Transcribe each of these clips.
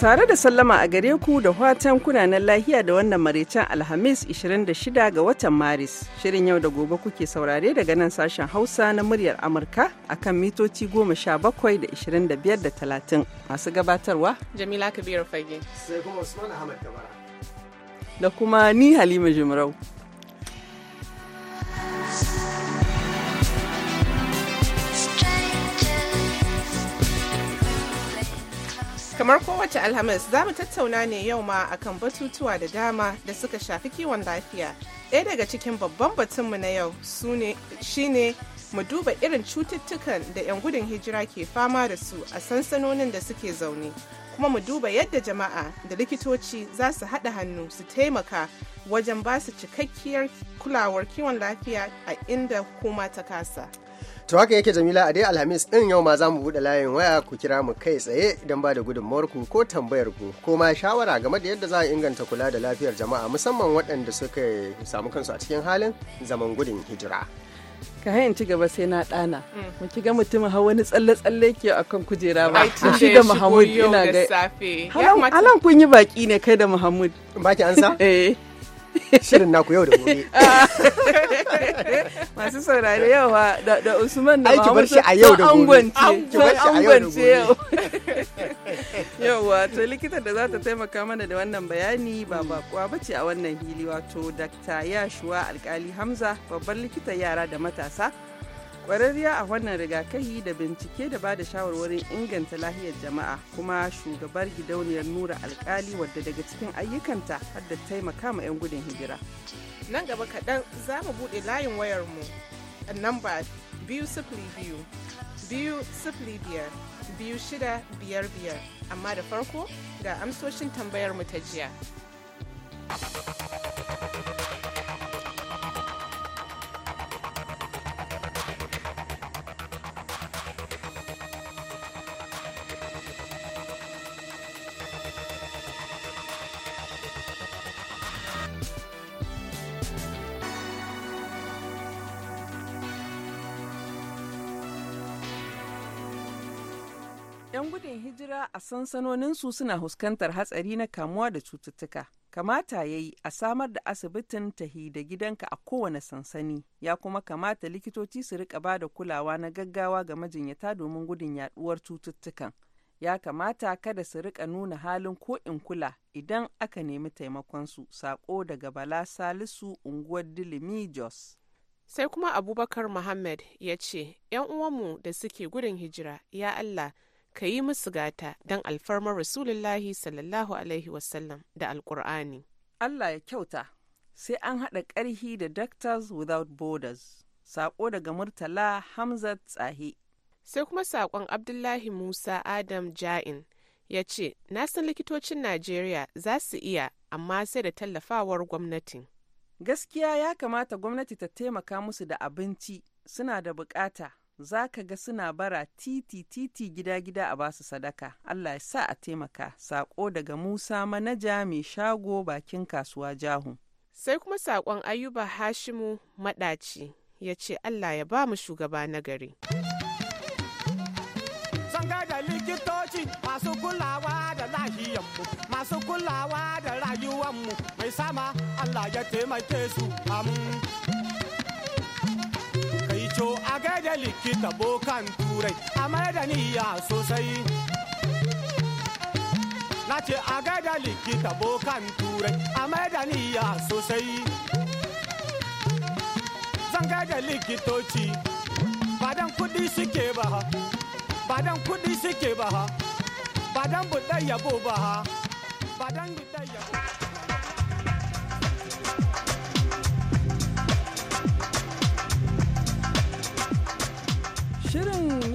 Tare da sallama a gare ku da watan kunanan lahiya da wannan maraicen Alhamis 26 ga watan Maris. Shirin yau da gobe kuke saurare daga nan sashen Hausa na muryar Amurka akan mitoci 17 da 25 da 30. Masu gabatarwa Jamila Kabiru Fage. Da kuma ni Halima jimarau kamar kowace alhamis za mu tattauna ne yau ma akan batutuwa da dama da suka shafi kiwon lafiya ɗaya daga cikin babban batunmu na yau shine mu duba irin cututtukan da 'yan gudun hijira ke fama da su a sansanonin da suke zaune kuma mu duba yadda jama'a da likitoci za su haɗa hannu su taimaka wajen ba su cikakkiyar kulawar kiwon lafiya a inda kuma ta kasa. To haka yake Jamila a dai Alhamis ɗin yau ma za mu buɗe layin waya ku kira mu kai tsaye don ba da ku ko tambayar ku ko ma shawara game da yadda za a inganta kula da lafiyar jama'a musamman waɗanda suka samu kansu a cikin halin zaman gudun hijira. ka hayan ci gaba sai na ɗana mm. mu ki ga mutum ha wani tsalle-tsalle ke a kan kujera ba shi da Muhammad ina ga halan kun yi baki ne kai da Muhammad baki sa? eh shirin naku yau da gobe masu yawa da usman da mahamudu shi a yau yau to likita da za ta taimaka mana da wannan bayani ba bakuwa ba ce a wannan hili wato dr yashuwa alkali hamza babban likitan yara da matasa kwararriya a wannan rigakafi da bincike da ba da shawarwarin inganta lahiyar jama'a kuma shugabar gidauniyar nura alkali wadda daga cikin ayyukanta har da taimaka ma 'yan gudun hijira nan gaba kaɗan za mu buɗe layin wayarmu a namba biyu sifili biyu biyu sifili biyar biyu shida biyar biyar amma da farko ga amsoshin tambayar mu ta jiya 'Yan gudun hijira a sansanoninsu suna huskantar hatsari na kamuwa da cututtuka. Kamata ya yi a samar da asibitin tahi da gidanka a kowane sansani, ya kuma kamata likitoci su rika ba da kulawa na gaggawa ga majinyata domin gudun yaduwar cututtukan. Ya kamata kada su rika nuna halin ko in kula idan aka nemi taimakonsu, saƙo daga Bala Salisu unguwar Dilimi Jos. Sai kuma Abubakar Muhammad ya ce, ‘yan uwanmu da suke gudun hijira, ya Allah, ka yi musu gata don alfarmar rasulullahi sallallahu alaihi wasallam da alkur'ani allah ya kyauta sai an haɗa ƙarhi da doctors without borders saƙo daga murtala hamzat tsahi sai kuma saƙon abdullahi musa adam ja'in ya ce na san likitocin najeriya za su iya amma sai da tallafawar gwamnatin gaskiya ya kamata gwamnati ta taimaka musu da abinci suna da bukata za ka ga suna bara titi titi gida gida a basu sadaka Allah ya sa a taimaka sako daga Musa manaja mai shago bakin kasuwa jahu sai kuma saƙon ayuba Hashimu madaci ya ce Allah ya ba mu shugaba nagari. gari likitoci masu kulawa da lahiyanmu masu kulawa da rayuwanmu mai sama Allah ya taimake su amin to a gaida likita bokan turai a da niyya sosai na ce a gaida likita bokan turai a da niyya sosai zan gaida likitoci badan kudi suke ba ha badan kudi suke ba ha badan buɗe yabo ba ha badan buɗe yabo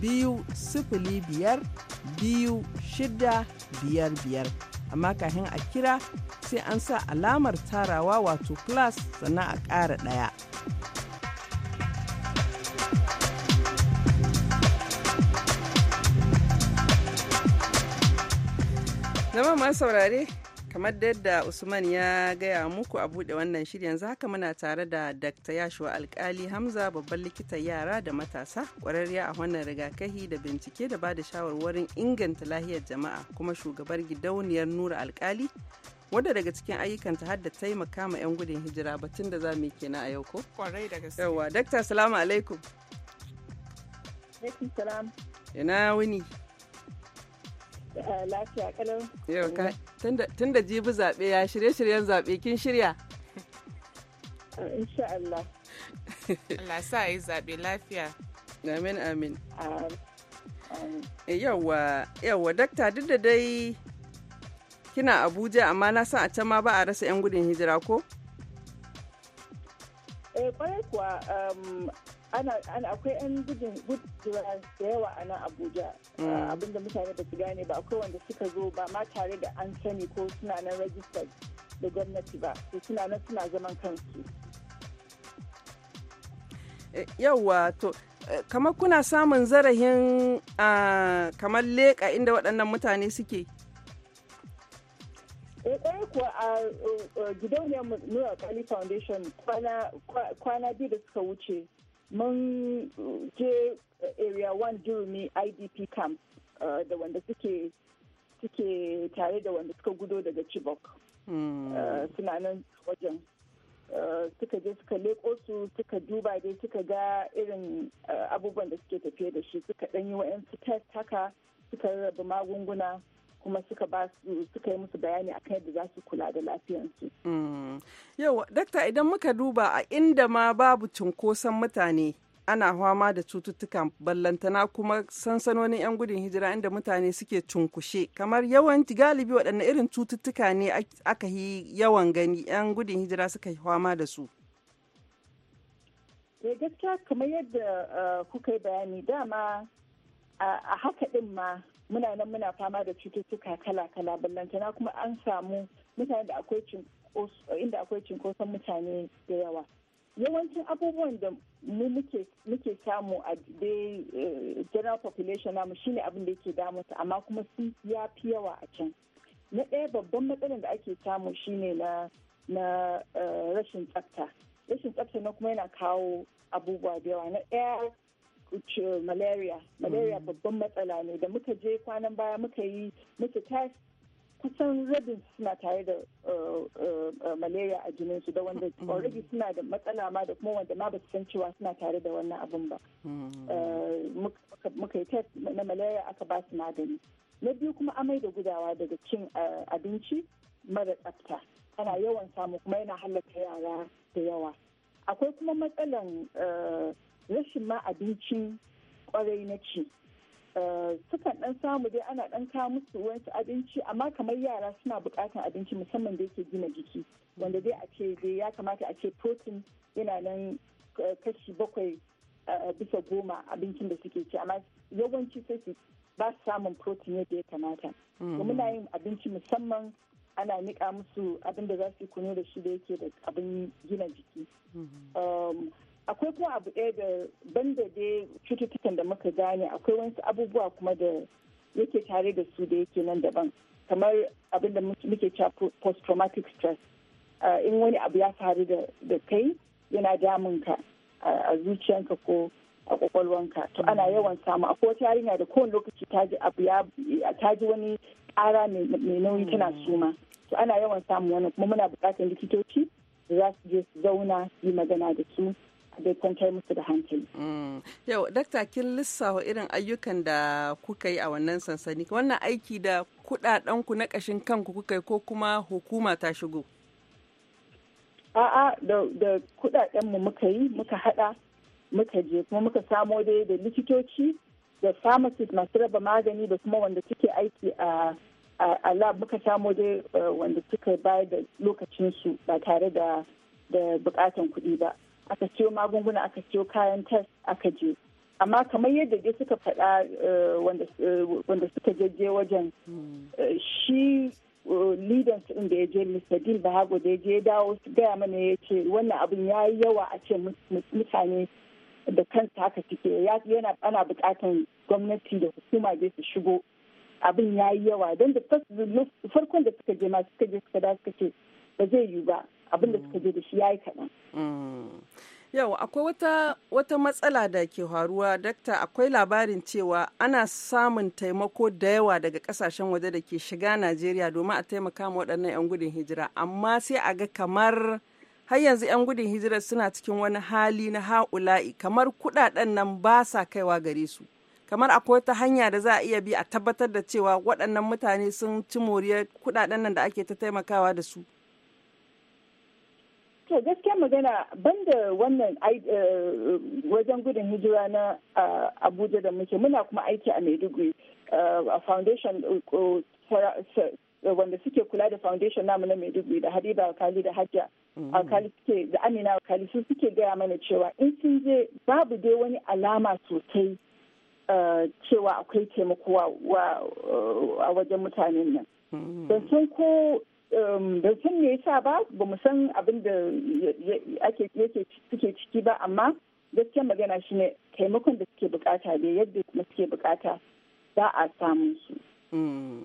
biyu sifili biyar biyu shida biyar biyar amma kafin a kira sai an sa alamar tarawa wato class sannan a ƙara ɗaya. zama ma saurare kamar da yadda usman ya gaya muku a bude wannan shirin yanzu haka muna tare da dr yashuwa alkali hamza babban likitan yara da matasa kwararriya a wannan rigakafi da bincike da ba da shawarwarin inganta lahiyar jama'a kuma shugabar gidauniyar nura alkali wadda daga cikin ayyukanta har da taimaka ma 'yan gudun hijira batun da za mu yi kenan a yau ko? kwarai da gaske salamu alaikum ina wuni Eh, lafiya kalau. Yau ka tun da jibi zaɓe ya shirye-shiryen zaɓe kin shirya? Eh, insha Allah. Allah sa yi zaɓe lafiya. Amin amin. Eh, yawwa yawwa dakta duk da dai kina Abuja amma na san a can ma ba a rasa 'yan gudun hijira ko? Eh kwarai kuwa um, ana akwai yan gudun gudura da yawa a nan abuja mm. ah, abinda mutane ba su gane ba akwai wanda suka zo ba ma tare da an sani ko suna nan registered da gwamnati ba su suna nan suna zaman kansu eh, yawwa to eh, kamar kuna samun zarahin ah, kamar leƙa inda waɗannan mutane suke ɗaya eh, kuwa a gidauniyar York kali foundation kwana biyu da suka wuce mun uh, je uh, area one durumi idp camp uh, da wanda suke tare da wanda suka gudo daga chibok hmm. suna nan wajen suka je suka leko su suka duba dai suka ga irin abubuwan da suke tafiye da shi suka ɗanyi wa'yansu test haka suka rarraba magunguna kuma suka ba suka yi musu bayani akan yadda za su kula da lafiyansu. Mm. Yau, dakta idan muka duba a inda ma babu cunkoson mutane ana fama da cututtuka ballantana kuma sansanonin 'yan gudun hijira inda mutane suke cunkushe kamar yawanci galibi waɗanne irin cututtuka ne aka yi yawan gani 'yan gudun hijira suka yi fama da su. Eh, gaskiya kamar yadda eh, kuka yi bayani dama a haka ɗin ma muna nan muna fama da cututtuka kala-kala ballantana kuma an samu mutane da akwai inda akwai cinkoson mutane da yawa yawancin abubuwan da mu muke samu a eh, general population namu shine abin da yake damu amma kuma su ya fi yawa a can na ɗaya babban matsalar da ake samu shine na na eh, rashin tsafta rashin tsafta na kuma yana kawo abubuwa da yawa na ɗaya malaria malaria mm. babban matsala ne da muka je kwanan baya muka yi muka test kusan rabin suna tare da uh, uh, uh, malaria a jininsu da wanda mm. already suna da matsala ma da kuma wanda ma ba su san cewa suna tare da wannan abin ba mm. muka yi test na malaria aka ba su magani na biyu kuma amai da gudawa daga cin abinci mara tsafta ana yawan samu kuma yana halatta yara da yawa akwai kuma matsalan rashin ma abincin kwarai na ci eh, sukan dan samu dai ana dan kawo musu wasu abinci amma kamar yara suna bukatan abinci musamman da yake gina jiki wanda dai a ce dai ya kamata a ce protein yana nan eh, kashi bakwai eh, bisa goma abincin da suke ci amma yawanci sai su ba su samun protein yadda ya kamata mm-hmm. muna yin abinci musamman ana nika musu abin da za su yi da shi da yake da abin gina jiki mm-hmm. um, akwai kuma abu ɗaya da banda dai cututtukan da muka gane akwai wasu abubuwa kuma da yake tare da su da yake nan daban kamar abin da muke cewa post traumatic stress in wani abu ya faru da kai yana damunka a zuciyanka ko a kwakwalwanka to ana mm. yawan samu akwai wata yarinya da kowane lokaci ta ji wani ƙara mai nauyi mm. tana suma to ana yawan samu wannan kuma muna buƙatar likitoci da za su je su zauna su yi magana da su da kwantar musu da hankali. Mm. Yau, dakta kin lissawa irin ayyukan da kuka yi a wannan sansani, wannan aiki da kuɗaɗenku na ƙashin kanku kuka yi ko kuma hukuma ta shigo? A'a da kuɗaɗenmu muka yi, muka haɗa muka je kuma muka samo dai da likitoci da pharmacist masu raba magani da kuma wanda suke aiki a a lab muka samo dai eh, wanda suka bayar da lokacinsu ba tare da bukatan kuɗi ba. aka siyo magunguna aka siyo kayan test aka je amma kamar yadda dai suka faɗa eh, eh, wanda suka jeje wajen hmm. eh, shi lidan su da ya je Mr. Deal Bahago da ya je dawo su gaya mana ya ce wannan abin ya yi yawa a ce mutane da kansa haka suke yana ana bukatan gwamnati da hukuma dai su shigo abin ya yi yawa don da farkon da suka je ma suka je suka da suka ce ba zai yiwu ba abin da mm. suka je da shi ya yi kaɗan. Mm. yau akwai wata matsala da ke faruwa dakta akwai labarin cewa ana samun taimako da yawa daga kasashen waje da ke shiga najeriya domin a taimaka ma waɗannan 'yan gudun hijira amma sai a ga kamar har yanzu 'yan gudun hijira suna cikin wani hali na ha'ula'i kamar kuɗaɗen nan ba sa kaiwa gare su kamar akwai wata hanya da za a iya bi a tabbatar da cewa waɗannan mutane sun ci moriyar kuɗaɗen nan da ake ta taimakawa da su To gaskiya magana banda wannan eh, wajen gudun hijira na eh, Abuja da muke muna kuma aiki a Maiduguri eh, a foundation wanda suke kula da foundation namu na Maiduguri da Habiba Alkali da Hajja mm-hmm. Alkali suke da Amina Alkali su suke gaya mana cewa in sun je babu dai wani alama sosai cewa akwai taimako a wajen mutanen nan. da mm-hmm. sun ko da sun me ya ba ba mu san abin da suke ciki ba amma gaskiya magana shi ne taimakon da suke bukata da yadda kuma suke bukata za a samu su mm.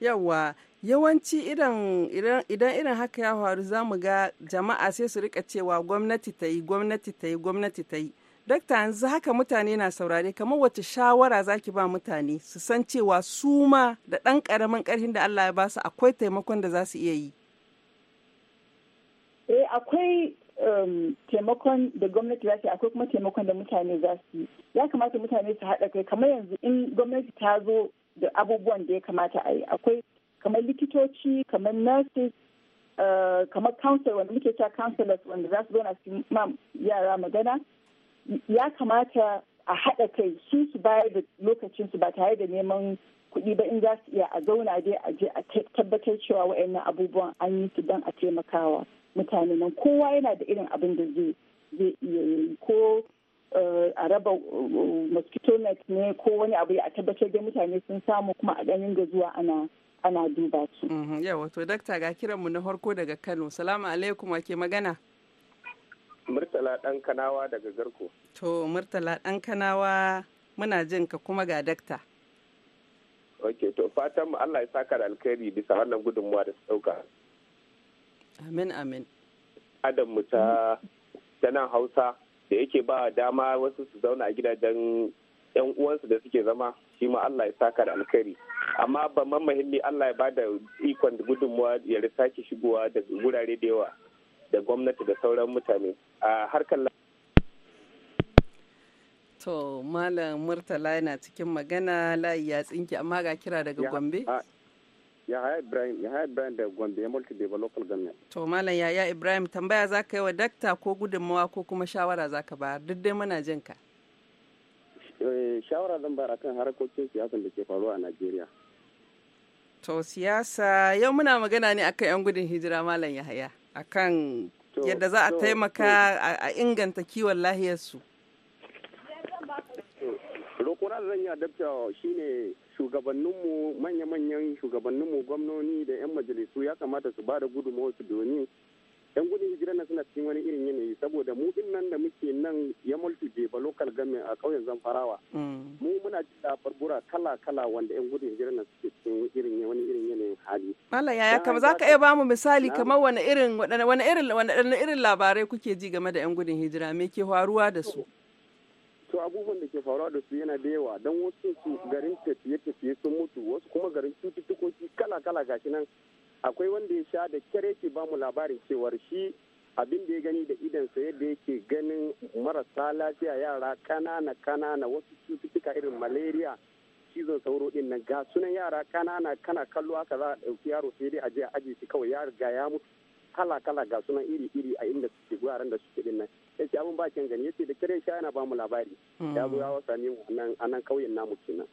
yawa yawanci idan irin haka ya faru za mu ga jama'a sai su rika cewa gwamnati ta yi gwamnati ta yi gwamnati ta yi dokta yanzu haka mutane na saurare kamar wace shawara zaki ba mutane su san cewa su ma da ɗan ƙaramin ƙarfin da Allah ya basu akwai taimakon da za su iya yi. e akwai um, taimakon da gwamnati za su akwai kuma taimakon da mutane za su yi. Ya kamata mutane su haɗa kai kamar yanzu in gwamnati ta zo da abubuwan da ya kamata a yi akwai kamar likitoci kamar nurses uh, kamar counselor wanda muke cewa counselors wanda za su zauna su ma yara magana ya kamata a haɗa kai su su bayar da lokacinsu ba tare da neman kuɗi ba in za su iya a zauna dai a je a tabbatar cewa wa'annan abubuwan an yi su don a taimakawa mutane nan kowa yana da irin abin da zai iya yi ko eh, a raba eh, mosquito net ne ko wani abu a tabbatar da mutane sun samu kuma a ganin da zuwa ana ana duba su. Mm-hmm. Yawa to dakta ga kiranmu na farko daga Kano. Salamu alaikum wake magana. Murtala ɗan kanawa daga Garko. To, Murtala ɗan kanawa muna jin ka kuma ga dakta. Ok, to fatan mu Allah ya saka da alkhairi bisa wannan gudunmuwa da su ɗauka. Amin, amin. Adam mu ta nan Hausa da yake ba dama wasu su zauna a gidajen yan uwansu da suke zama shi ma Allah ya saka da alkhairi amma ba mamahimmi Allah ya bada ikon gudunmuwa ya sake shigowa da wurare da yawa da gwamnati da sauran mutane a harkar To Malam Murtala yana cikin magana layi ya tsinki amma ga kira daga Gombe. Yahaya Ibrahim, Yahaya Ibrahim da Gombe ya mulki da local government. To Malam Yahaya Ibrahim tambaya za ka yi wa dakta ko gudunmawa ko kuma shawara za ka bayar duk dai muna jin ka. Eh, shawara zan bayar akan harkokin siyasan da ke faruwa a Najeriya. To siyasa yau muna magana ne akan 'yan gudun hijira Malam Yahaya akan yadda za a taimaka a inganta kiwon lahiyarsu roƙona zan yi adabta ne shugabanninmu manya-manyan shugabanninmu gwamnoni da 'yan majalisu ya kamata su ba da gudunmawarsu domin yan gudun hijira na suna cikin wani irin yanayi saboda mu din nan da muke nan ya multi ba local government a ƙauyen zamfarawa mm. mu muna da farbura kala kala wanda yan gudun hijira na suke cikin irin wani irin yanayin hali mallam yaya kamar za ka iya ba mu misali kamar wani irin wani irin wani irin labarai kuke ji game da yan gudun hijira me ke faruwa da su to abubuwan da ke faruwa da su yana da yawa don wasu su garin tafiye-tafiye sun mutu wasu kuma garin cututtukoki kala-kala gashi nan akwai wanda ya sha da kyar yake ba mu labarin cewar shi abin da ya gani da idansa yadda yake ganin marasa lafiya yara kanana kanana wasu cututtuka irin malaria cizon sauro din nan ga sunan yara kanana kana kallo aka za a ɗauki yaro sai dai a a aje shi kawai ya riga ya mutu kala kala ga sunan iri iri a inda suke guraren da suke din nan yace abin ba gani yace da kare shi yana ba mu labari mm. ya zo ya wasa ne a nan kauyen namu kenan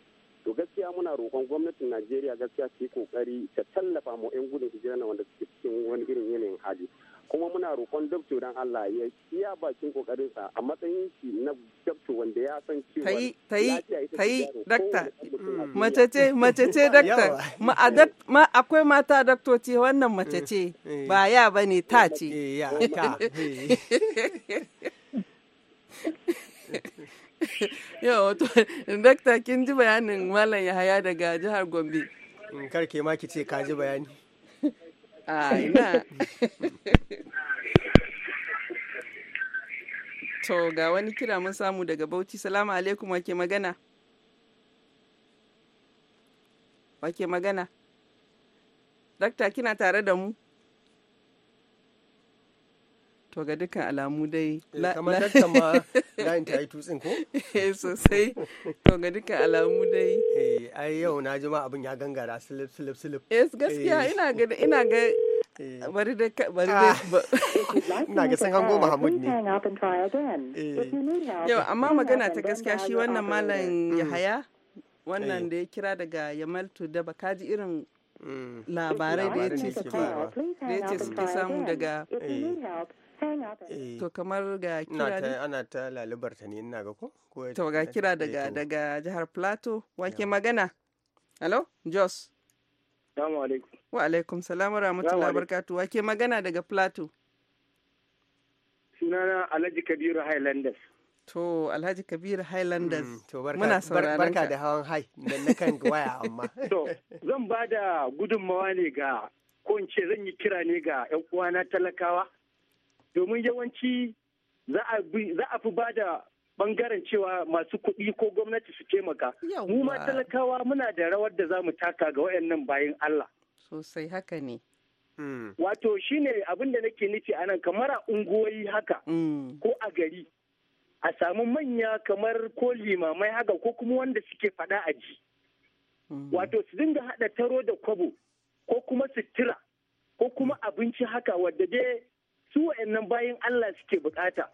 to gaskiya muna roƙon gwamnatin najeriya gaskiya su yi kokari ta tallafa mu 'yan gudun hijira na wanda suke cikin wani irin yanayin hali kuma muna roƙon dabto don allah ya iya bakin kokarinsa a matsayin shi na dabto wanda ya san cewa ta yi ta yi ce mace ce dakta mm, ma akwai mata daktoci wannan mace ce mm, mm. ba ya bane ta eh, ce eh. yau to dakta kin ji bayanin malam yahaya daga jihar gombe mm, kar ke ma ki ce ka ji bayani a ina to ga wani kira mun samu daga bauchi salamu alaikum wake magana wake magana dakta kina tare da mu to ga dukkan alamu dai eh, kamar dakta ma layin ta yi tutsin ko eh sosai to ga dukkan alamu dai eh ai yau na ji abin ya gangara silip silip silip eh gaskiya ina ga eh. ah. ina ga bari da bari da ina ga san hango Muhammad ne eh. yau amma magana ta gaskiya shi wannan malam mm. Yahaya wannan da ya kira daga Yamal to da ji irin mm. labarai da ya ce suke samu daga Eh. To kamar ga kira Ana ta lalubar ta ne ina ga ko? To ga kira daga daga jihar Plateau wake magana. Hello, Jos. Salamu alaikum. Wa alaikum salam wa rahmatullahi barkatu. Wake magana daga Plateau. Sunana Alhaji Kabiru Highlanders. To Alhaji Kabiru Highlanders. Mm, muna sauraron Barka da hawan hai da na kan waya amma. To zan ba da gudunmawa ne ga ko in ce zan yi kira ne ga 'yan uwana talakawa domin yawanci za a fi ba da bangaren cewa masu kuɗi ko gwamnati su taimaka. Mu ma talakawa muna da rawar da za mu taka ga wayannan bayan Allah. Sosai haka ne. Hmm. Wato shine abin da nake nufi a nan kamar a unguwoyi haka hmm. ko a gari. A samu manya kamar ko limamai haka ko kuma wanda suke faɗa a ji. Hmm. Wato su dinga haɗa taro da kwabo ko kuma sutura ko kuma abinci haka wadda dai su wayannan bayan Allah suke bukata.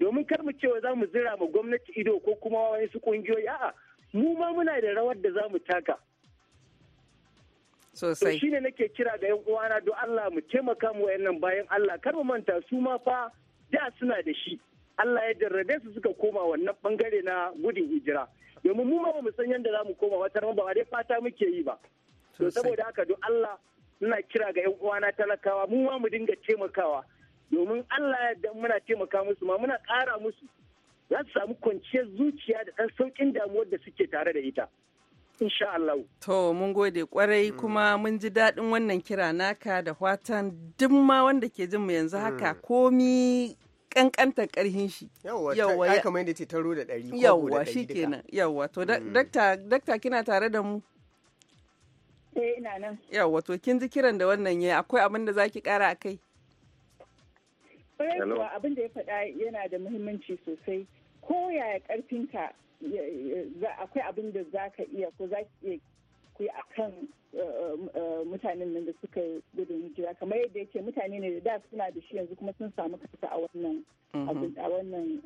Domin kar mu cewa za mu zira ma gwamnati ido ko kuma wani su kungiyoyi a'a mu ma muna da rawar da za mu taka. Sosai. Shi ne nake kira ga 'yan uwana don Allah mu taimaka mu wayannan bayan Allah kar mu manta su ma fa da suna da shi. Allah ya jarrabe su suka koma wannan bangare na gudun hijira. Domin mu ma ba mu san yadda za mu koma wata ba dai fata muke yi ba. To saboda haka don Allah ina kira ga 'yan uwana talakawa mu ma mu dinga taimakawa domin Allah da muna taimaka musu ma muna ƙara musu za su samu kwanciyar zuciya da ɗan sauƙin damuwar da suke tare da ita. Insha Allah. To, mun gode kwarai mm. kuma mun ji daɗin wannan kira naka da watan duk ma wanda ke jin mu yanzu mm. haka komi kankantar karhin shi. Yawwa, ya kamar yadda ce taro da ɗari. Yawwa, shi kenan. Yawwa, to, dakta kina tare da mu? Eh, ina nan. Yawwa, to, kin ji kiran da wannan ya akwai abin da za ki ƙara a kai? kuwa abin da ya faɗa yana da muhimmanci sosai ko yaya karfinka akwai abin da za ka iya ko za ki iya ku a kan eh, eh, mutanen nan da suka gudun hijira kamar yadda yake mutane ne da da suna da shi yanzu kuma sun samu kansa a wannan mm-hmm. a wannan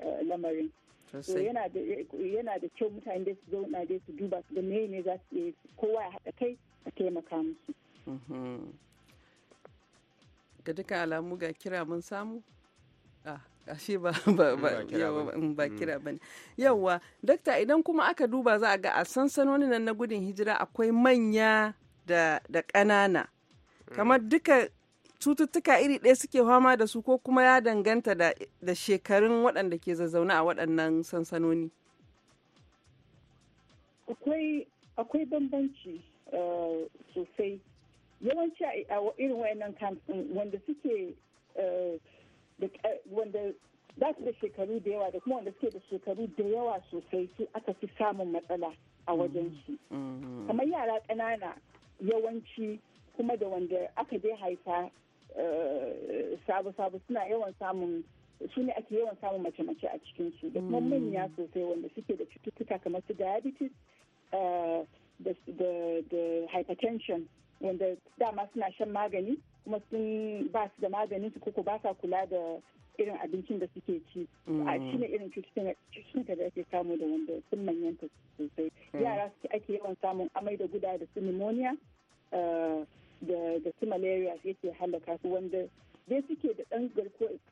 eh, yana da kyau mutane da su zauna da su duba su da me ne za su iya kowa ya haɗa kai a taimaka musu mm-hmm. ga duka alamu ga kira mun samu ashe ah, ba ba ba ba kira bane hmm. dakta idan kuma aka duba za a ga a sansanoni nan na gudun hijira akwai manya da kanana ƙanana kamar hmm. duka cututtuka iri ɗaya suke fama da su ko kuma ya danganta da, shekarun waɗanda ke zazzauna a waɗannan sansanoni akwai akwai bambanci eh, sosai yawanci a irin wayannan wanda suke eh, da eh, wanda za su da shekaru da yawa da kuma wanda suke da shekaru da yawa sosai su aka fi samun matsala a mm-hmm. wajen su mm-hmm. kamar yara ƙanana yawanci kuma da wanda aka je haifa eh, sabu-sabu suna yawan samun su ne ake yawan samun mace-mace a cikin su da kuma mm-hmm. manya sosai wanda suke da cututtuka kamar su diabetes eh, da hypertension wanda dama suna shan magani kuma sun ba su da maganin su koko ba sa kula da irin abincin da suke ci a mm. shi ne irin cututtuka da ake samu da wanda sun manyanta sosai mm. yara su ake yawan samun amai da guda da su pneumonia eh, da su malaria yake halaka su wanda dai suke da ɗan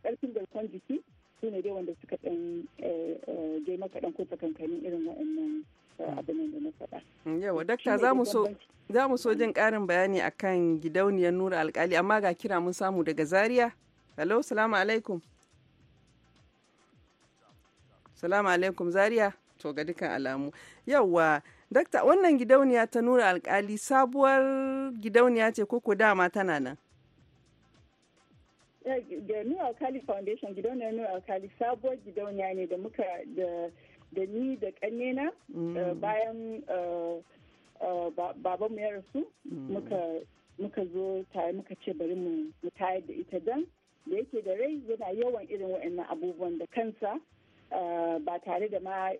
ƙarfin garkon jiki su ne dai wanda suka ɗan je eh, eh, maka ɗan ko kankanin irin waɗannan Mm. abin da na Yawa, dakta za mu so jin karin bayani akan gidauniyar Nura Alkali amma ga kira mun samu daga Zaria. Hello, salamu alaikum. Salamu alaikum Zaria. To ga dukkan alamu. Yawa, dakta wannan gidauniya ta Nura Alkali sabuwar gidauniya ce koko dama tana nan. Eh, da New Alkali Foundation gidauniyar New Alkali sabuwar gidauniya ne da muka da da ni da na mm. eh, bayan eh, eh, babanmu ya rasu mm. muka zo tare muka ce bari mu tayar da ita dan da yake da rai yana yawan irin waɗannan abubuwan da kansa ba tare da ma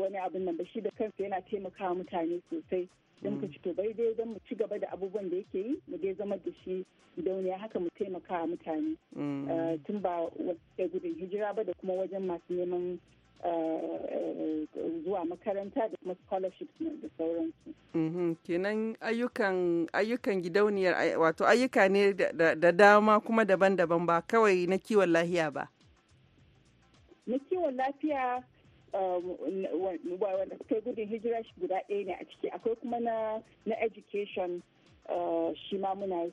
wani abin nan ba shi da kansa yana taimakawa mutane sosai don ka mm. ci to bai dai don mu ci gaba da abubuwan da yake yi mu dai zama da shi dauniya haka mu taimaka mutane tun ba wajen gudun hijira ba da kuma wajen masu neman zuwa makaranta da kuma scholarships da sauransu. Mhm, kenan ayyukan gidauniyar wato ayyuka ne da dama kuma daban-daban ba kawai na kiwon lafiya ba. Na kiwon lafiya um, wanda suka gudun hijira shi guda ɗaya ne a ciki akwai kuma na education Eh, shi ma muna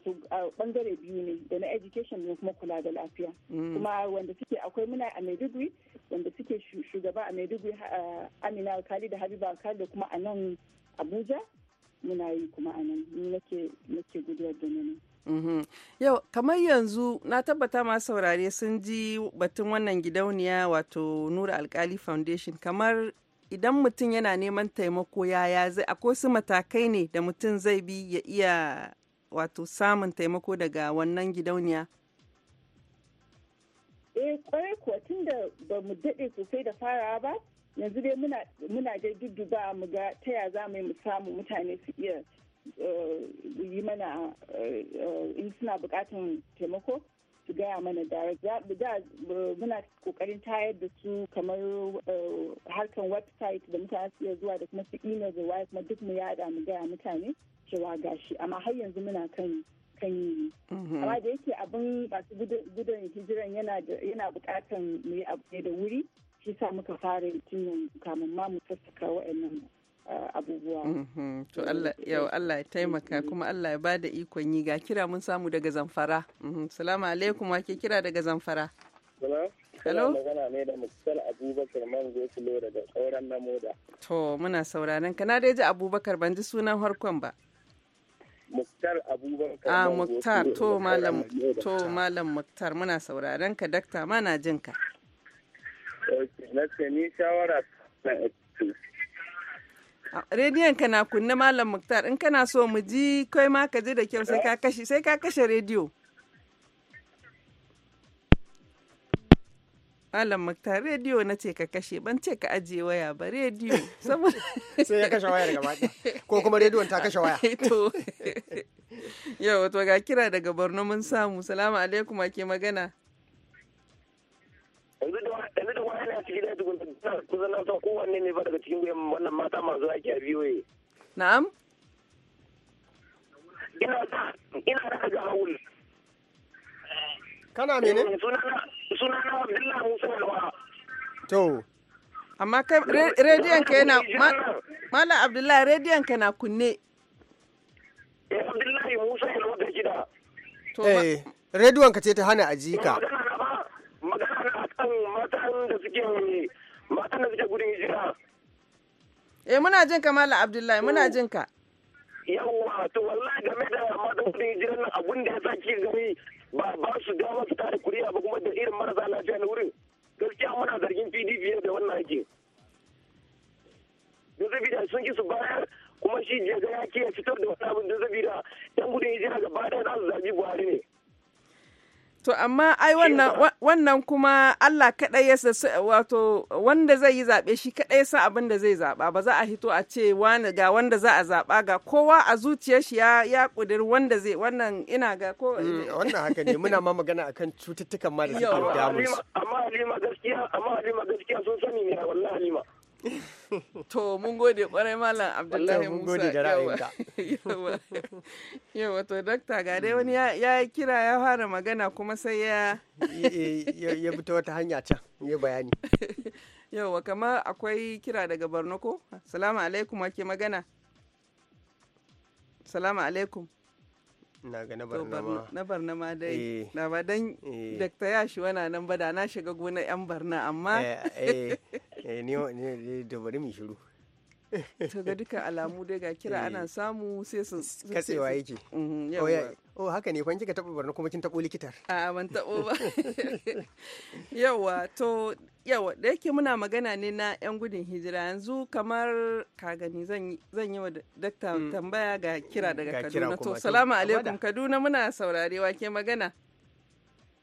bangare biyu ne da na education ne kuma kula da lafiya mm. kuma wanda suke akwai muna a maiduguri wanda suke shugaba a maiduguri eh, amina alkali da habiba alkali da kuma a nan abuja muna yi kuma a nan nake gudiyar da nan mm-hmm. Yau, kamar yanzu na tabbata masu saurare sun ji batun wannan gidauniya wato Nura Alkali Foundation kamar idan mutum yana neman taimako yaya zai akwai su matakai ne da mutum zai bi ya iya wato samun taimako daga wannan gidauniya? Eh kwarai kuwa tun da ba mu daɗe sosai da farawa ba yanzu dai muna dai dudduba mu ga ta ya za mu samu mutane su iya eh, yi mana eh, eh, in suna bukatan taimako su gaya mana direct da muna kokarin tayar da su kamar eh, harkan website da mutane su iya zuwa da kuma su email da waya kuma duk mu yada mu gaya mutane cewa gashi amma har yanzu muna kan kan yi mm-hmm. amma da yake abin masu gudun hijiran yana bukatan mu yi abu ne da wuri shi sa muka fara tun kamun ma mu sassaka wa'annan abubuwa. Mhm. To Allah yau Allah ya taimaka kuma Allah ya bada ikon yi ga kira mun samu daga Zamfara. Mhm. Salamu alaikum wake kira daga Zamfara. Hello? magana ne da Musal Abubakar Mango Kulo daga sauran na moda. To muna sauraron ka na dai ji Abubakar ban ji sunan harkon ba. Muktar Abubakar. Ah Muktar to malam to malam Muktar muna sauraron ka dakta ma na jin ka. Na ni shawara Rediyon ka na kunna Malam Muktar in kana so mu ji kai ma ka ji da kyau sai ka kashe sai ka kashe rediyo. Malam Muktar rediyo na ce ka kashe ban ce ka ajiye waya ba rediyo saboda sai ya kashe waya daga baki ko kuma rediyon ta kashe waya to yau to ga kira daga Borno mun samu salamu alaikum ake magana kusan na san kowanne ne ba daga cikin wannan mata masu aiki a biyoyi. Na'am? Ina ina ga haul. Kana mene? Eh, Abdullahi Musa Alwa. To. Amma kai rediyon ka yana Mala Abdullahi rediyon ka na kunne. Eh Abdullahi Musa Alwa gida. To. Eh rediyon ka ce ta hana a ji ka. Magana na matan da suke matan da suke gudun hijira eh muna jin ka mallam abdullahi muna jin ka yawwa to wallahi game da matan gudun hijira nan abun da ya saki gami ba ba su dama su tare kuriya ba kuma da irin marasa lafiya na wurin gaskiya muna zargin pdp da wannan ake don sabida sun ki su bayar kuma shi jiya ya ke fitar da wani abin zabi sabida yan gudun hijira gaba ɗaya za su zabi buhari ne To amma ai wannan kuma Allah kaɗai ya wato wanda zai yi zaɓe shi kaɗai sa abin da zai zaɓa ba za a hito a ce wani ga wanda za a zaɓa ga kowa a zuciyar shi ya ya wanda zai wannan ina ga ko mm, wannan haka ne muna ma magana akan cututtukan ma da suke damu amma halima gaskiya amma halima gaskiya sun sani ne wallahi halima to mun gode kwarai malam abdullahi musa yawa to dakta ga dai wani ya kira ya fara magana kuma sai ya ya bi ta wata hanya can ya bayani yawa kamar akwai kira daga borno ko salamu alaikum wake magana salamu alaikum na ga na barna ma dai na eh. ba dan eh. dakta ya shi wana nan bada na shiga gonar yan barna amma eh, eh ne da bari mu shiru to ga dukkan alamu dai ga kira ana eh, samu sai su katsewa yake mhm, oh, oh haka ne kwanki ka taɓa barna kuma kin taɓo likitar a ban taɓo ba yawa to yawa da yake muna magana ne na yan gudun hijira yanzu kamar ka gani zan yi wa dakta mm. tambaya ga kira daga kaduna to salamu alaikum kaduna muna saurarewa ke magana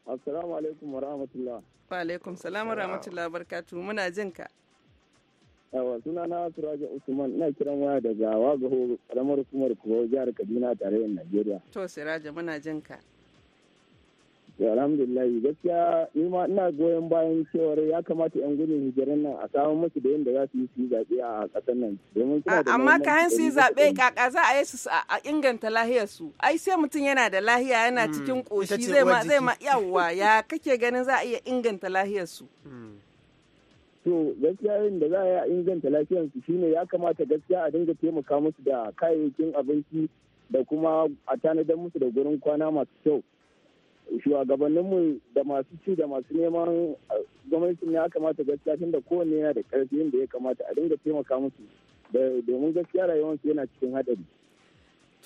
Assalamu alaikum wa rahmatullah. Wa alaikum salam wa rahmatullah barkatu muna jin ka. Yawa suna na Suraja Usman ina kiran waya daga Wagaho karamar hukumar Kubo jihar Kaduna tarayyar Najeriya. To Siraja muna jin ka. alhamdulillah gaskiya ni ma ina goyon bayan cewar ya kamata yan gudun hijiran nan a samu musu da yadda za su yi su yi zaɓe a ƙasar nan domin amma kayan su yi zaɓe kaka za a yi su a inganta lahiyar su ai sai mutum yana da lahiya yana hmm, cikin ƙoshi zai ma zai ma yawa ya kake ganin za a iya inganta lahiyar su hmm. to gaskiya yin da za a inganta lafiyar su shine ya kamata gaskiya a dinga taimaka musu da kayayyakin abinci da kuma a tanadar musu da gurin kwana masu kyau shugabanninmu da masu ci da masu neman gwamnatin ya kamata gaskiya tun da kowanne yana da karfi da ya kamata a dinga taimaka musu domin gaskiya rayuwarsu yana cikin hadari.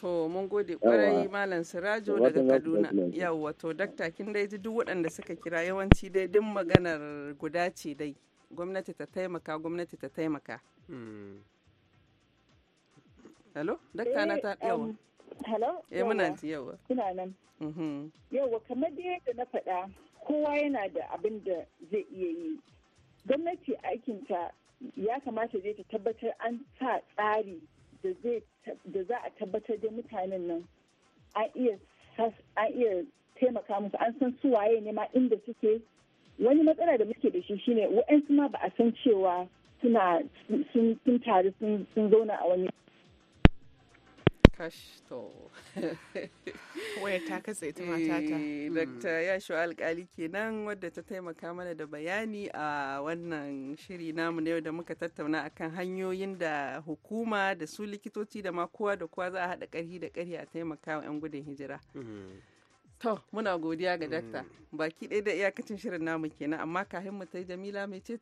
To mun gode kwarai Malam Sirajo daga Kaduna. Yawwa to dakta kin dai ji duk waɗanda suka kira yawanci dai duk maganar guda ce dai. Gwamnati ta taimaka gwamnati ta taimaka. Hmm. Hello? Dakta na ta eh, yawa. Hello? Eh, muna mm-hmm. kamar da yadda na faɗa kowa yana da abin da zai iya yi. Gwamnati aikinta ya kamata zai ta tabbatar an sa tsari da za a tabbatar da mutanen nan an iya taimaka musu an san su waye ne ma inda suke wani matsala da muke da shi shine wa'yansu ma ba a san cewa suna sun taru sun zauna a wani Kashto. to wayar ta katse ita mata ta eh, hmm. Dr. Yashu Alkali kenan wadda ta taimaka mana da bayani a wannan shiri namu na yau da muka tattauna akan hanyoyin da hukuma da su likitoci da ma kowa da kowa za a haɗa ƙarfi da ƙarfi a taimaka wa 'yan gudun hijira. Hmm. To, muna godiya ga dakta. Hmm. Baki ɗaya da iyakacin shirin namu kenan, amma kahin mu ta Jamila mai ce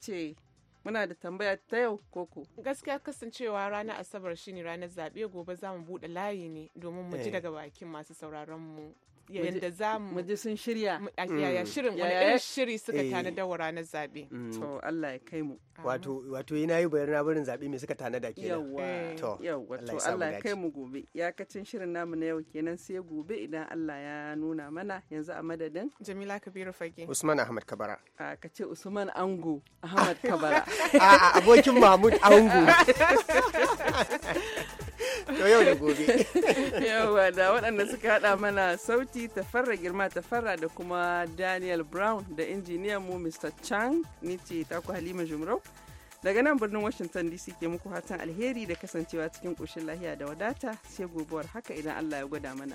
muna da tambaya ta yau koko gaskiya kasancewa ranar asabar shine ranar zaɓe gobe za mu buɗe layi ne domin mu ji eh. daga bakin masu sauraron mu yadda za mu ji sun shirya yaya mm. shirin wani irin shiri suka eh. tanada wa ranar zabe. Mm. to Allah ya kai mu wato wato ina yi bayar na barin zabe me suka tanada kenan yawa eh. to Allah ya kai mu gobe kacin shirin namu na yau kenan sai gobe idan Allah ya nuna mana yanzu a madadin Jamila Kabiru Fage Usman Ahmad Kabara a kace Usman Ango Ahmad Kabara a abokin Mahmud Ango to yau da gobe yawa da waɗanda suka haɗa mana sauti ta tafarra girma ta tafarra da kuma daniel brown da injiniyan mu mr chang ni ce taku halima jumrau daga nan birnin washington dc ke muku hatan alheri da kasancewa cikin ƙoshin lahiya da wadata sai gobuwar haka idan allah ya gwada mana